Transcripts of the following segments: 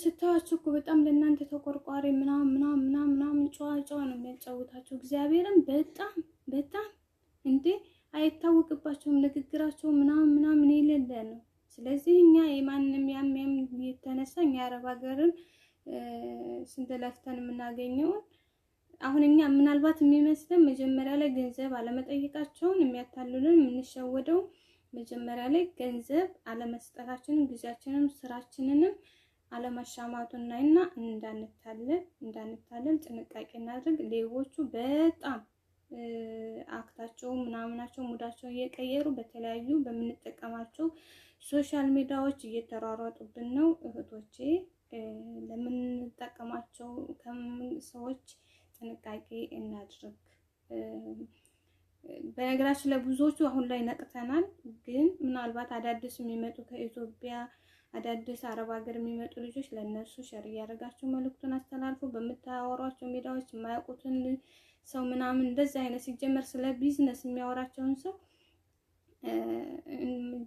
ስታያቸው እኮ በጣም ለእናንተ ተቆርቋሪ ምናምን ምናምን ምናምን ምናምን ጨዋ ጨዋ ነው የሚያጫውታቸው። እግዚአብሔርም በጣም በጣም እንዴ አይታወቅባቸውም ንግግራቸው ምናምን ምናምን የሌለ ነው። ስለዚህ እኛ የማንም ያም ያም የተነሳ እኛ አረብ ሀገርን ስንት ለፍተን የምናገኘውን አሁን እኛ ምናልባት የሚመስለን መጀመሪያ ላይ ገንዘብ አለመጠየቃቸውን የሚያታልሉን የምንሸወደው መጀመሪያ ላይ ገንዘብ አለመስጠታችንን ጊዜያችንም ስራችንንም አለመሻማቱና እና እንዳንታለል እንዳንታለል ጥንቃቄ እናድርግ። ሌቦቹ በጣም አክታቸው ምናምናቸው ሙዳቸው እየቀየሩ በተለያዩ በምንጠቀማቸው ሶሻል ሚዲያዎች እየተሯሯጡብን ነው። እህቶቼ ለምንጠቀማቸው ሰዎች ጥንቃቄ እናድርግ። በነገራችን ለብዙዎቹ አሁን ላይ ነቅተናል፣ ግን ምናልባት አዳዲስ የሚመጡ ከኢትዮጵያ አዳዲስ አረብ ሀገር የሚመጡ ልጆች ለእነሱ ሸር እያደረጋቸው መልእክቱን አስተላልፎ በምታወሯቸው ሜዳዎች የማያውቁትን ሰው ምናምን እንደዚህ አይነት ሲጀመር ስለ ቢዝነስ የሚያወራቸውን ሰው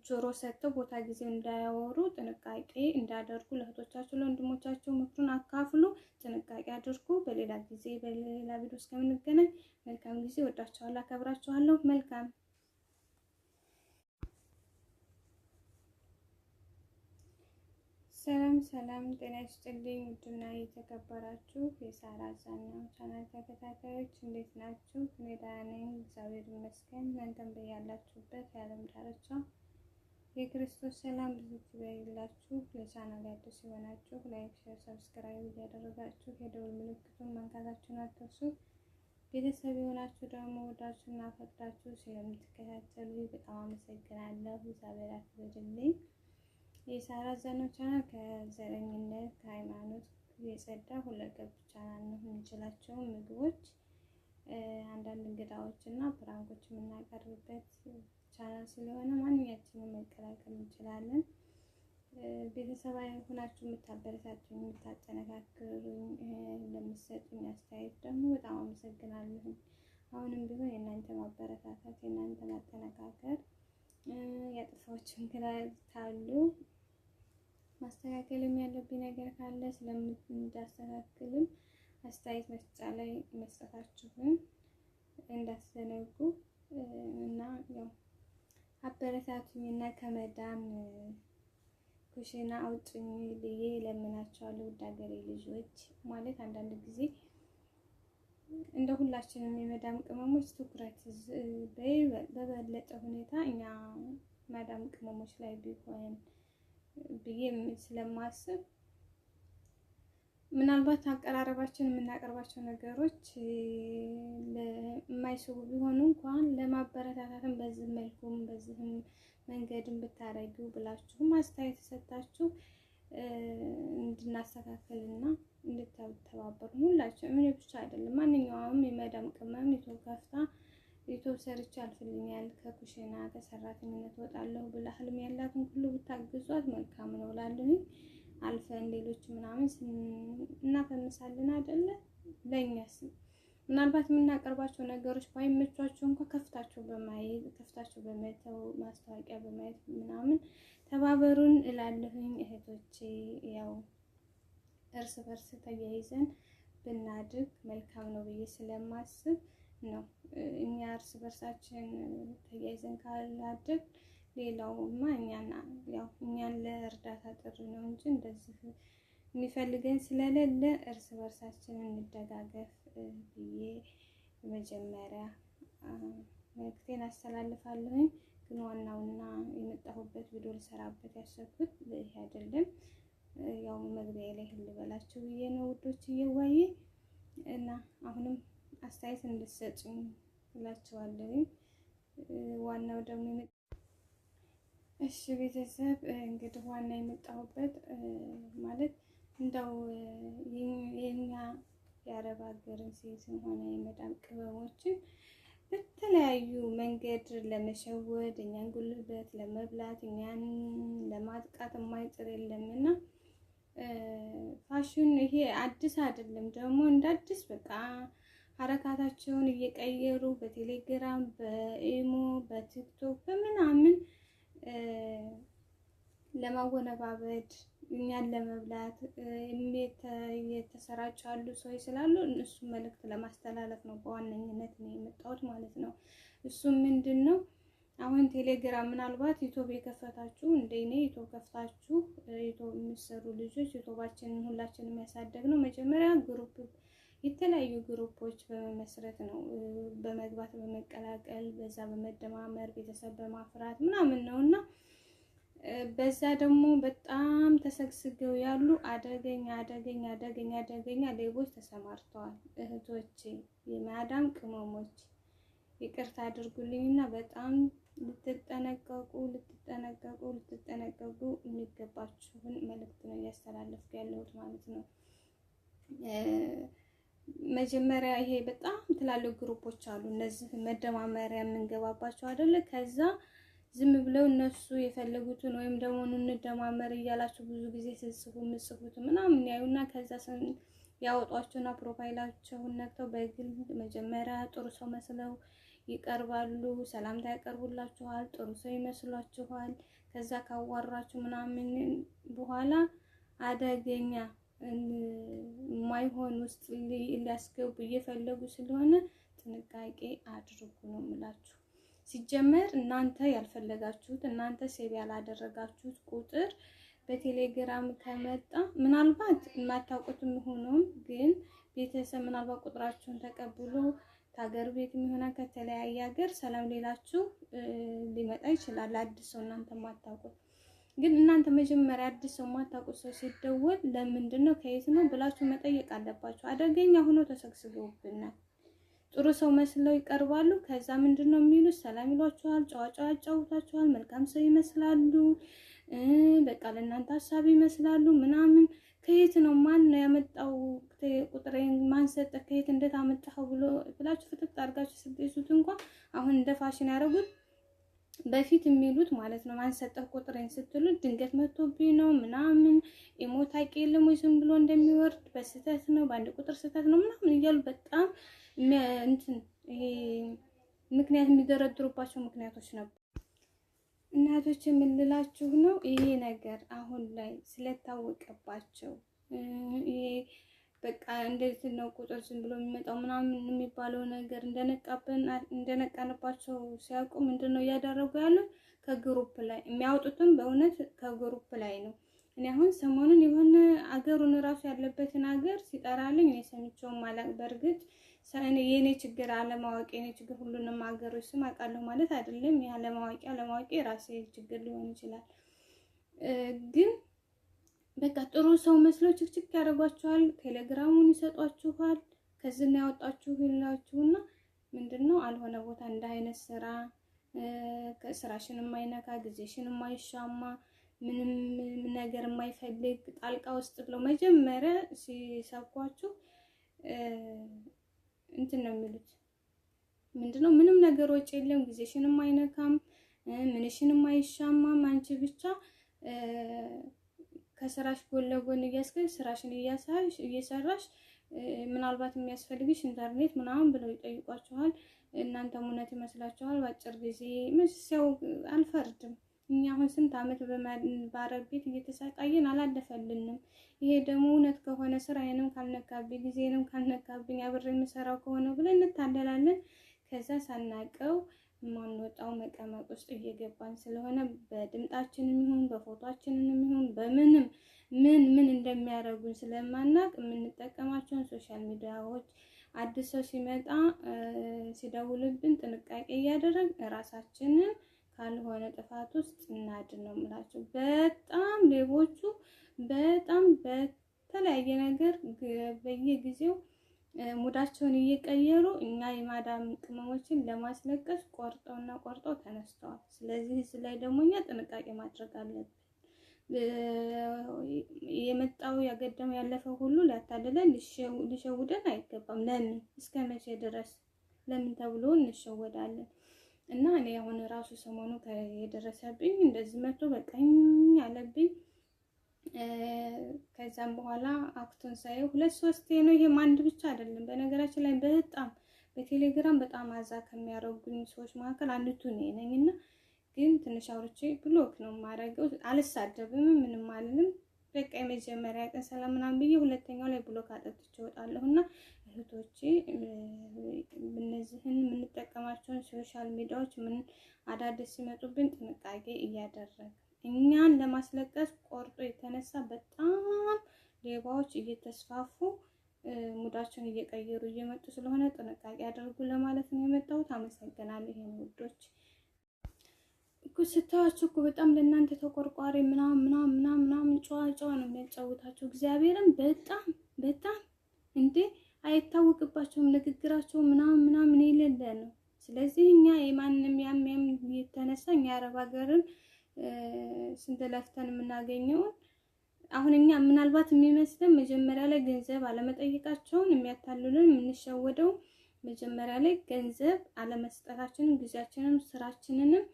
ጆሮ ሰጥተው ቦታ ጊዜ እንዳያወሩ ጥንቃቄ እንዳደርጉ ለእህቶቻቸው ለወንድሞቻቸው ምክሩን አካፍሉ። ጥንቃቄ አድርጉ። በሌላ ጊዜ በሌላ ቪዲዮ እስከምንገናኝ መልካም ጊዜ። ወዳችኋለሁ፣ አከብራችኋለሁ። መልካም ሰላም ሰላም፣ ጤና ይስጥልኝ ውድና የተከበራችሁ የሳራ ዛና ቻናል ተከታታዮች እንዴት ናችሁ? እኔ ደህና ነኝ፣ እግዚአብሔር ይመስገን። እናንተም በያላችሁበት የዓለም ዳርቻ የክርስቶስ ሰላም ብዙ ይብዛላችሁ። ለቻናል አዲስ ሲሆናችሁ ላይክ፣ ሼር፣ ሰብስክራይብ እያደረጋችሁ የደወል ምልክቱን መንካታችሁን አትርሱ። ቤተሰብ የሆናችሁ ደግሞ ወዳችሁና ፈቅዳችሁ ስለምትከታተሉ በጣም አመሰግናለሁ። እግዚአብሔር ያክብርልኝ። የሳራ ዘኖ ቻናል ከዘረኝነት ከሃይማኖት የጸዳ ሁለገብ ቻናል ነው። የምንችላቸውን ምግቦች፣ አንዳንድ እንግዳዎች እና ፕራንኮች የምናቀርብበት ቻናል ስለሆነ ማንኛችንም መቀላቀል እንችላለን። ቤተሰባዊ ሆናችሁ የምታበረታችሁ፣ የምታጠነካክሩኝ፣ ለምትሰጡኝ አስተያየት ደግሞ በጣም አመሰግናለሁ። አሁንም ቢሆን የእናንተ ማበረታታት የእናንተ ማጠነካከር ያጠፋዎችን ካሉ ማስተካከልም ያለብኝ ነገር ካለ እንዳስተካክልም አስተያየት መስጫ ላይ መስጠታችሁን እንዳትዘነጉ እና ያው አበረታቱኝ እና ከመዳም ኩሽና አውጡኝ ብዬ ለምናቸዋለሁ። ውድ ልጆች ማለት አንዳንድ ጊዜ እንደ ሁላችንም የመዳም ቅመሞች ትኩረት በበለጠ ሁኔታ እኛ መዳም ቅመሞች ላይ ቢሆን ብዬ ስለማስብ ምናልባት አቀራረባችን የምናቀርባቸው ነገሮች የማይስቡ ቢሆኑ እንኳን ለማበረታታትም በዚህ መልኩም በዚህም መንገድም ብታረጊው ብላችሁ አስተያየት ሰጣችሁ እንድናስተካክልና እንድተባበሩ ሁላችሁ ምን ብቻ አይደለም ማንኛውም የመዳም ቅመም የተወጋፍታ ዩቱብ ሰርች አልፍልኛል ከኩሽና ከሰራተኝነት ወጣለሁ ብላ ህልም ያላትን ሁሉ ብታግዟት መልካም ነው ብላለሁኝ። አልፈን ሌሎች ምናምን እናፈምሳለን አይደለ? ለእኛስ ምናልባት የምናቀርባቸው ነገሮች ባይመቿቸው እንኳ ከፍታቸው በማየት ከፍታቸው በመተው ማስታወቂያ በማየት ምናምን ተባበሩን እላለሁኝ እህቶቼ። ያው እርስ በርስ ተያይዘን ብናድርግ መልካም ነው ብዬ ስለማስብ ነው። እኛ እርስ በርሳችን ተያይዘን ካላደግ ሌላውማ እኛን ያው እኛን ለእርዳታ ጥሪ ነው እንጂ እንደዚህ የሚፈልገን ስለሌለ እርስ በርሳችን እንደጋገፍ ብዬ መጀመሪያ መልክቴን አስተላልፋለሁኝ። ግን ዋናውና የመጣሁበት ቪዲዮ ልሰራበት ያሰብኩት ይህ አይደለም። ያው መግቢያ ላይ ልበላችሁ ብዬ ነው ውዶች እየዋዬ እና አሁንም አስተያየት እንድትሰጡኝ እላችኋለሁ። ዋናው ደግሞ እሺ ቤተሰብ እንግዲህ ዋና የመጣሁበት ማለት እንደው የኛ የአረብ ሀገርን ሴትም ሆነ የመዳም ቅመሞችን በተለያዩ መንገድ ለመሸወድ እኛን ጉልበት ለመብላት እኛን ለማጥቃት የማይጥር የለም እና ፋሽን ይሄ አዲስ አይደለም ደግሞ እንደ አዲስ በቃ ሀረካታቸውን እየቀየሩ በቴሌግራም በኢሞ በቲክቶክ በምናምን ለማወነባበድ እኛን ለመብላት የተሰራጩ ያሉ ሰዎች ስላሉ እሱ መልእክት ለማስተላለፍ ነው በዋነኝነት ነው የመጣሁት ማለት ነው። እሱም ምንድን ነው አሁን ቴሌግራም ምናልባት ዩቱብ የከፈታችሁ እንደ እኔ ዩቱብ ከፍታችሁ ዩቱብ የሚሰሩ ልጆች ዩቱባችንን ሁላችን የሚያሳደግ ነው መጀመሪያ ግሩፕ የተለያዩ ግሩፖች በመመስረት ነው በመግባት በመቀላቀል በዛ በመደማመር ቤተሰብ በማፍራት ምናምን ነው እና በዛ ደግሞ በጣም ተሰግስገው ያሉ አደገኛ አደገኛ አደገኛ አደገኛ ሌቦች ተሰማርተዋል። እህቶቼ የማዳም ቅመሞች ይቅርታ አድርጉልኝና በጣም ልትጠነቀቁ ልትጠነቀቁ ልትጠነቀቁ የሚገባችሁን መልእክት ነው እያስተላለፍኩ ያለሁት ማለት ነው። መጀመሪያ ይሄ በጣም ትላልቅ ግሩፖች አሉ። እነዚህ መደማመሪያ የምንገባባቸው አይደለ? ከዛ ዝም ብለው እነሱ የፈለጉትን ወይም ደግሞ እንደማመር እያላችሁ ብዙ ጊዜ ስጽፉ የምጽፉት ምናምን ያዩና ከዛ ያወጧቸውና ፕሮፋይላቸውን ነክተው በግል መጀመሪያ ጥሩ ሰው መስለው ይቀርባሉ። ሰላምታ ያቀርቡላችኋል፣ ጥሩ ሰው ይመስሏችኋል። ከዛ ካዋራችሁ ምናምን በኋላ አደገኛ ማይሆን ውስጥ ሊያስገቡ እየፈለጉ ስለሆነ ጥንቃቄ አድርጉ ነው የምላችሁ። ሲጀመር እናንተ ያልፈለጋችሁት እናንተ ሴብ ያላደረጋችሁት ቁጥር በቴሌግራም ከመጣ ምናልባት የማታውቁትም ሆኖም ግን ቤተሰብ ምናልባት ቁጥራችሁን ተቀብሎ ከሀገር ቤት የሚሆነ ከተለያየ ሀገር ሰላም ሌላችሁ ሊመጣ ይችላል። አዲስ ሰው እናንተ የማታውቁት ግን እናንተ መጀመሪያ አዲስ ሰው ማታውቁ ሰው ሲደወል ለምንድን ነው ከየት ነው ብላችሁ መጠየቅ አለባችሁ። አደገኛ ሆኖ ተሰግስገውብናል። ጥሩ ሰው መስለው ይቀርባሉ። ከዛ ምንድን ነው የሚሉት? ሰላም ይሏችኋል፣ ጨዋጨዋ ያጫውታችኋል፣ መልካም ሰው ይመስላሉ፣ በቃ ለእናንተ ሀሳብ ይመስላሉ ምናምን። ከየት ነው ማን ነው ያመጣው ቁጥሬን ማንሰጠ ከየት እንደት አመጣኸው ብሎ ብላችሁ ፍጥጥ አድርጋችሁ ስትይዙት እንኳን አሁን እንደ ፋሽን ያደረጉት በፊት የሚሉት ማለት ነው ማንሰጠህ ቁጥሬን ስትሉት ድንገት መቶብኝ ነው ምናምን ኢሞታቂ የለም ወይ ዝም ብሎ እንደሚወርድ በስህተት ነው በአንድ ቁጥር ስህተት ነው ምናምን እያሉ በጣም እንትን ይሄ ምክንያት የሚደረድሩባቸው ምክንያቶች ነበር። እናቶች የምንላችሁ ነው ይሄ ነገር አሁን ላይ ስለታወቀባቸው በቃ እንደዚህ ነው ቁጥር ዝም ብሎ የሚመጣው ምናምን የሚባለው ነገር እንደነቃብን እንደነቃንባቸው ሲያውቁ ምንድን ነው እያደረጉ ያለ ከግሩፕ ላይ የሚያወጡትም በእውነት ከግሩፕ ላይ ነው። እኔ አሁን ሰሞኑን የሆነ አገሩን ራሱ ያለበትን አገር ሲጠራልኝ እኔ ሰምቼውም አላውቅም። በእርግጥ የእኔ ችግር አለማወቅ፣ የእኔ ችግር ሁሉንም አገሮች ስም አውቃለሁ ማለት አይደለም። ይህ አለማወቂ አለማወቂ የራሴ ችግር ሊሆን ይችላል ግን በቃ ጥሩ ሰው መስሎ ችክችክ ያደርጓችኋል። ቴሌግራሙን ይሰጧችኋል። ከዝና ያወጣችሁ ይላችሁና ምንድን ነው አልሆነ ቦታ እንደ አይነት ስራ ስራሽን የማይነካ ጊዜሽን የማይሻማ ምንም ነገር የማይፈልግ ጣልቃ ውስጥ ብለው መጀመሪያ ሲሰብኳችሁ እንትን ነው የሚሉት። ምንድነው ምንም ነገር ወጪ የለም፣ ጊዜሽንም አይነካም፣ ምንሽንም የማይሻማም አንቺ ብቻ ከስራሽ ጎን ለጎን እያስገኝ ስራሽን እየሰራሽ ምናልባት የሚያስፈልግሽ ኢንተርኔት ምናምን ብለው ይጠይቋችኋል። እናንተም እውነት ይመስላችኋል በአጭር ጊዜ መስያው። አልፈርድም። እኛ አሁን ስንት አመት በአረብ ቤት እየተሰቃየን አላለፈልንም። ይሄ ደግሞ እውነት ከሆነ ስራዬንም ካልነካብኝ ጊዜንም ካልነካብኝ አብሬ የምሰራው ከሆነ ብለን እንታደላለን። ከዛ ሳናቀው የማንወጣው መቀመቅ ውስጥ እየገባን ስለሆነ በድምጣችንም ይሁን በፎቶችንም ይሁን በምንም ምን ምን እንደሚያደርጉን ስለማናቅ የምንጠቀማቸውን ሶሻል ሚዲያዎች አዲስ ሰው ሲመጣ ሲደውልብን ጥንቃቄ እያደረግ ራሳችንን ካልሆነ ጥፋት ውስጥ እናድን ነው የምላቸው። በጣም ሌቦቹ በጣም በተለያየ ነገር በየጊዜው ሙዳቸውን እየቀየሩ እኛ የማዳም ቅመሞችን ለማስለቀስ ቆርጠውና ቆርጠው ተነስተዋል። ስለዚህ እዚህ ላይ ደግሞ እኛ ጥንቃቄ ማድረግ አለብን። የመጣው ያገደመው ያለፈው ሁሉ ሊያታልለን ሊሸውደን አይገባም። ለምን እስከ መቼ ድረስ ለምን ተብሎ እንሸወዳለን? እና እኔ አሁን ራሱ ሰሞኑ የደረሰብኝ እንደዚህ መቶ በቀኝ አለብኝ ከዛም በኋላ አክቱን ሳየው ሁለት ሶስቴ ነው። ይሄም አንድ ብቻ አይደለም። በነገራችን ላይ በጣም በቴሌግራም በጣም አዛ ከሚያደርጉኝ ሰዎች መካከል አንዱ እኔ ነኝ እና ግን ትንሽ አውርቼ ብሎክ ነው የማደርገው። አልሳደብም፣ ምንም አልልም። በቃ የመጀመሪያ ቀን ሰላም ምናምን ብዬ ሁለተኛው ላይ ብሎክ አጠጥቼ እወጣለሁ። እና እህቶቼ እነዚህን የምንጠቀማቸውን ሶሻል ሚዲያዎች ምን አዳዲስ ሲመጡብን ጥንቃቄ እያደረግን እኛን ለማስለቀስ ቆርጦ የተነሳ በጣም ሌባዎች እየተስፋፉ ሙዳቸውን እየቀየሩ እየመጡ ስለሆነ ጥንቃቄ አድርጉ ለማለት ነው የመጣሁት። አመሰግናለሁ። ይሄን ውዶች እኮ ስታዋቸው እኮ በጣም ለእናንተ ተቆርቋሪ ምናምን ምናምን ምናምን ምናምን ጨዋ ጨዋ ነው የሚያጫውታቸው። እግዚአብሔርም በጣም በጣም እንዴ አይታወቅባቸውም ንግግራቸው ምናምን ምናምን የሌለ ነው። ስለዚህ እኛ የማንም ያም የተነሳ እኛ አረብ ሀገርን ስንት ለፍተን የምናገኘውን አሁን እኛ ምናልባት የሚመስለን መጀመሪያ ላይ ገንዘብ አለመጠየቃቸውን የሚያታልሉን የምንሸወደው መጀመሪያ ላይ ገንዘብ አለመስጠታችንን ጊዜያችንን ስራችንንም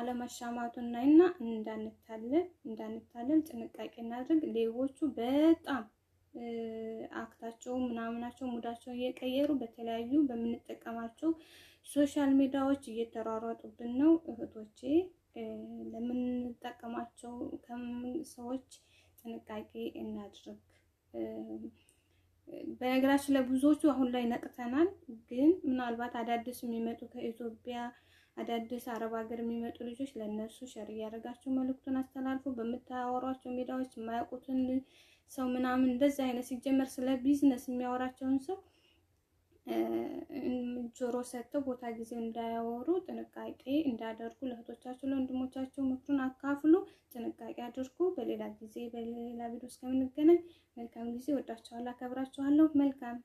አለማሻማቱን እና እንዳንታለል እንዳንታለል ጥንቃቄ እናድርግ። ሌቦቹ በጣም አክታቸው ምናምናቸው ሙዳቸው እየቀየሩ በተለያዩ በምንጠቀማቸው ሶሻል ሚዲያዎች እየተሯሯጡብን ነው እህቶቼ። ለምንጠቀማቸው ሰዎች ጥንቃቄ እናድርግ። በነገራችን ላይ ብዙዎቹ አሁን ላይ ነቅተናል፣ ግን ምናልባት አዳዲስ የሚመጡ ከኢትዮጵያ አዳዲስ አረብ ሀገር የሚመጡ ልጆች ለእነሱ ሸር እያደረጋቸው መልእክቱን አስተላልፎ በምታወሯቸው ሜዳዎች የማያውቁትን ሰው ምናምን እንደዚህ አይነት ሲጀመር ስለ ቢዝነስ የሚያወራቸውን ሰው ጆሮ ሰጥተው ቦታ ጊዜ እንዳያወሩ ጥንቃቄ እንዳደርጉ ለእህቶቻችሁ ለወንድሞቻቸው ምክሩን አካፍሉ። ጥንቃቄ አድርጉ። በሌላ ጊዜ በሌላ ቪዲዮ እስከምንገናኝ መልካም ጊዜ። ወዳችኋለሁ፣ አከብራችኋለሁ። መልካም